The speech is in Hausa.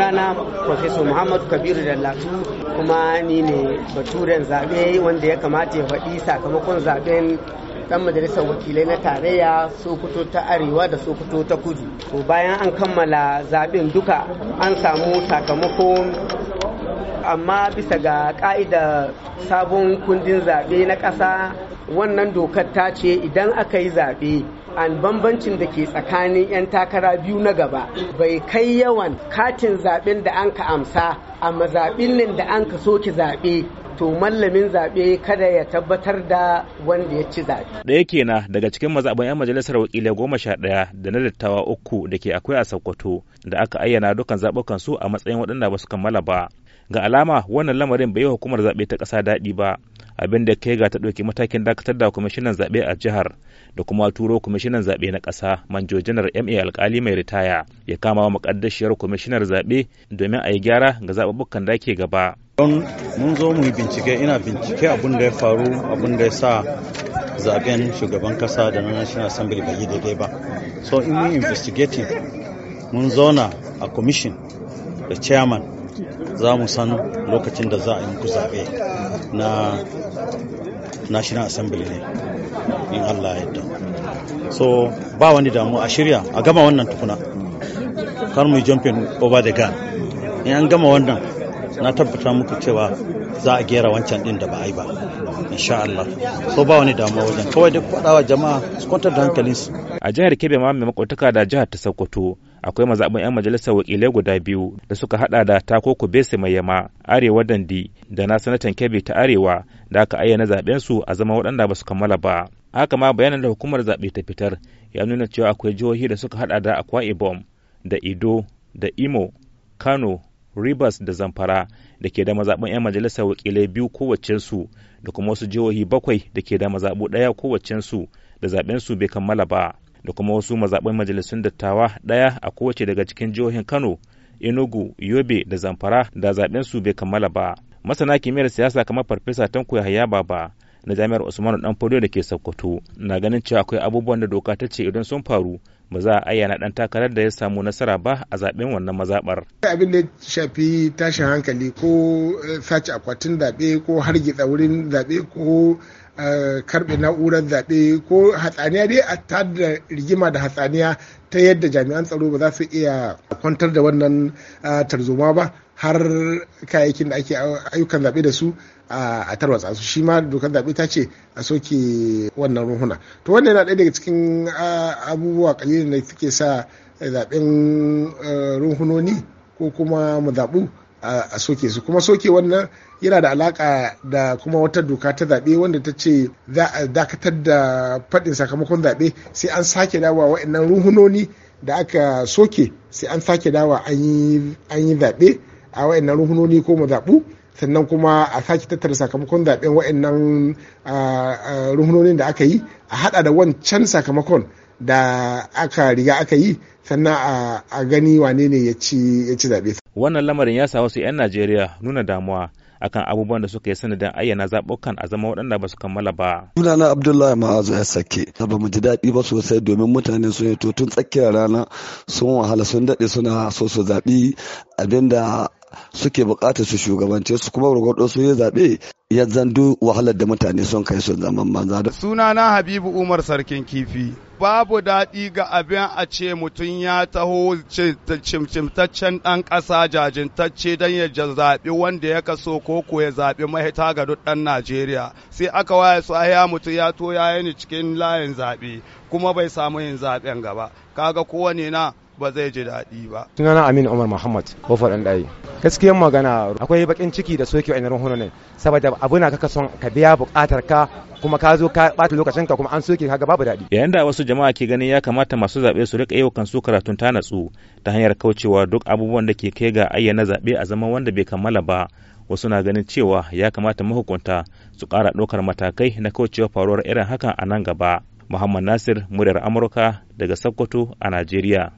sunana professor muhammadu kabiru dallatu kuma ni ne baturen zaɓe wanda ya kamata ya faɗi sakamakon zaɓen ɗan majalisar wakilai na tarayya sokoto ta arewa da sokoto ta kudu to bayan an kammala zaɓen duka an samu sakamakon amma bisa ga ƙa'idar sabon kundin zaɓe na ƙasa wannan dokar ta ce idan aka yi zaɓe an bambancin da ke tsakanin 'yan takara biyu na gaba bai kai yawan katin zaɓen da an ka amsa a mazaɓin da an ka soke zaɓe to mallamin zaɓe kada ya tabbatar da wanda ya ci zaɓe. Ɗaya kenan daga cikin mazaɓan 'yan majalisar wakilai goma sha ɗaya da na dattawa uku da ke akwai a Sokoto da aka ayyana dukkan zaɓukan su a matsayin waɗanda ba su kammala ba. Ga alama wannan lamarin bai yi hukumar zaɓe ta ƙasa daɗi ba abin da kai ga ta ɗauki matakin dakatar da kwamishinan zaɓe a jihar da kuma turo kwamishinan zaɓe na ƙasa manjo janar ma alkali mai ritaya ya kama wa kwamishinar zaɓe domin a yi gyara ga zaɓuɓɓukan da ke gaba. don mun zo mu bincike ina bincike abin da ya faru abin da ya sa zaben shugaban kasa da na national assembly bai yi daidai ba so in mun investigating mun zauna a commission da chairman za mu san lokacin da za a yi muku zaɓe na national assembly ne in allah yadda so ba wani damu a shirya a gama wannan tukuna kar mu jumping over the gun in an gama wannan na tabbata muku cewa za a gera wancan din da ba a yi ba insha Allah so ba wani damuwa wajen kawai duk faɗawa jama'a su kwantar da su. a jihar Kebbi ma mai makwataka da jihar ta Sokoto akwai mazaɓin 'yan majalisar wakilai guda biyu da suka hada da takoko bese mai yama arewa dandi da na sanatan Kebbi ta arewa da aka ayyana zaben su a zama waɗanda ba su kammala ba haka ma bayanan da hukumar zaɓe ta fitar ya nuna cewa akwai jihohi da suka hada da akwa ibom da ido da imo kano rivers da zamfara da ke da mazaɓin 'yan majalisar wakilai biyu kowacensu da kuma wasu jihohi bakwai da ke da mazaɓu ɗaya kowacensu da zaɓensu bai kammala ba da kuma wasu mazaɓin majalisun dattawa ɗaya a kowace daga cikin jihohin kano enugu yobe da zamfara da zaɓensu bai kammala ba masana kimiyyar siyasa kamar farfesa tanko yahaya baba na jami'ar usman dan da ke sokoto na ganin cewa akwai abubuwan da doka ta ce idan sun faru ba za a ayyana dan takarar da ya samu nasara ba a zaben wannan mazabar. Abin da ya shafi tashin hankali ko eh, sace akwatin zaɓe ko hargitsa wurin zaɓe ko Eh, karbe na'urar zaɓe ko hatsaniya dai a tada rigima da hatsaniya ta yadda jami'an tsaro ba za su iya kwantar da wannan eh, tarzoma ba har kayayyakin da ake ayyukan zaɓe da su eh, a tarwatsa su shi ma dokar zaɓe ta ce a soke wannan ruhuna to wannan yana ɗaya daga cikin abubuwa kalilin da suke sa zaɓen ruhunoni ko kuma mu zaɓu a soke su kuma soke wannan yana da alaka da kuma wata doka ta zaɓe wanda ta ce za a dakatar da faɗin sakamakon zaɓe sai an sake dawa wa'annan ruhunoni da aka soke sai an sake dawa an yi zaɓe a wa'annan ruhunoni ko zaɓu. sannan kuma a sake tattara sakamakon zaɓen wa'annan ruhunonin da aka yi a haɗa da wancan sakamakon da aka riga aka yi sannan a gani wane ne ya ci zaɓe wannan lamarin ya sa wasu 'yan najeriya nuna damuwa akan abubuwan da suka yi sanadin ayyana zaɓukan a zama waɗanda ba su kammala ba. Sunana Abdullahi Ma'azu ya sake. Ba mu ji daɗi ba sosai domin mutane sun yi tun tsakiyar rana sun wahala sun daɗe suna so su zaɓi abinda suke buƙatar su shugabance su kuma gwargwado su yi zaɓe ya zandu wahalar da mutane sun kai sun zaman banza. Sunana Habibu Umar Sarkin Kifi. babu daɗi ga abin a ce mutum ya taho cimcimtaccen ɗan ƙasa jajintacce don ya zaɓi wanda ya kaso ko ko ya zaɓi mahita ga duk ɗan Najeriya sai aka waye su ya mutum ya to ya yi ni cikin layin zaɓe kuma bai samu yin zaɓen gaba kaga kowane na ba zai ji daɗi ba. Sunana Aminu Umar Muhammad Kofar ɗan ɗaya. Gaskiyar magana akwai bakin ciki da soke wa'in ne, saboda abu na kaka son ka biya buƙatar ka kuma ka zo ka ɓata lokacin ka kuma an soke ka babu daɗi. Yayin da wasu jama'a ke ganin ya kamata masu zaɓe su riƙa yau kansu karatun ta natsu ta hanyar kaucewa duk abubuwan da ke kai ga ayyana zaɓe a zaman wanda bai kammala ba wasu na ganin cewa ya kamata mahukunta su ƙara ɗaukar matakai na kaucewa faruwar irin hakan a nan gaba. Muhammad Nasir, muryar Amurka daga Sokoto a Najeriya.